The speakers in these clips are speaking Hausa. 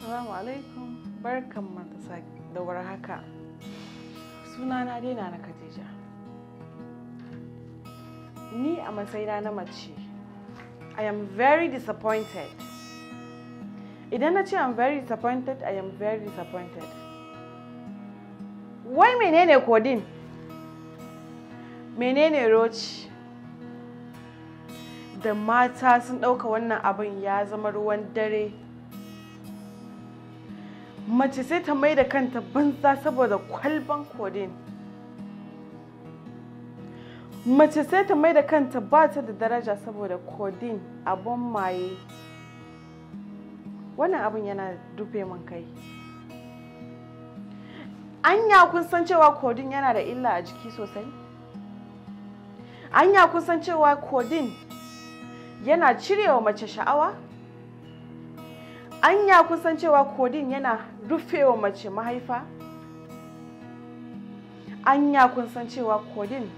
Assalamu alaikum barkan matasa da warhaka. Sunana dai na Khadija. Ni a matsayina na mace, I am very disappointed. Idan na ce I'm very disappointed, I am very disappointed. Wai menene kodin? Menene roci? Da mata sun ɗauka wannan abin ya zama ruwan dare. mace sai ta mai da kanta banza saboda kwalban kodin mace sai ta mai da kanta ba ta da daraja saboda kodin abun maye wannan abin yana dufe man kai anya kun san cewa kodin yana da illa a jiki sosai anya kun san cewa kodin yana cirewa mace sha'awa anya kusan cewa kodin yana rufewa mace mahaifa anya kusan cewa kodin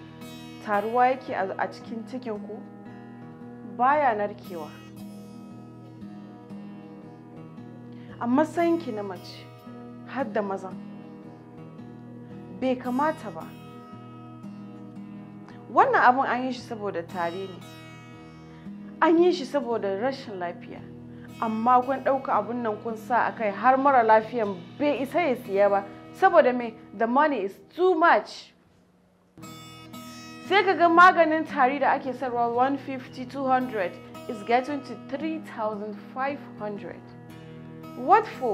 taruwa yake a cikin cikinku baya narkewa a matsayinki na mace har da mazan bai kamata ba wannan abin an yi shi saboda tare ne an yi shi saboda rashin lafiya amma kun ɗauka abun nan kun sa a kai har mara lafiyan bai isa ya siya ba saboda me the money is too much sai ka ga maganin tari da ake sarwa 150 200 is getting to 3500 what for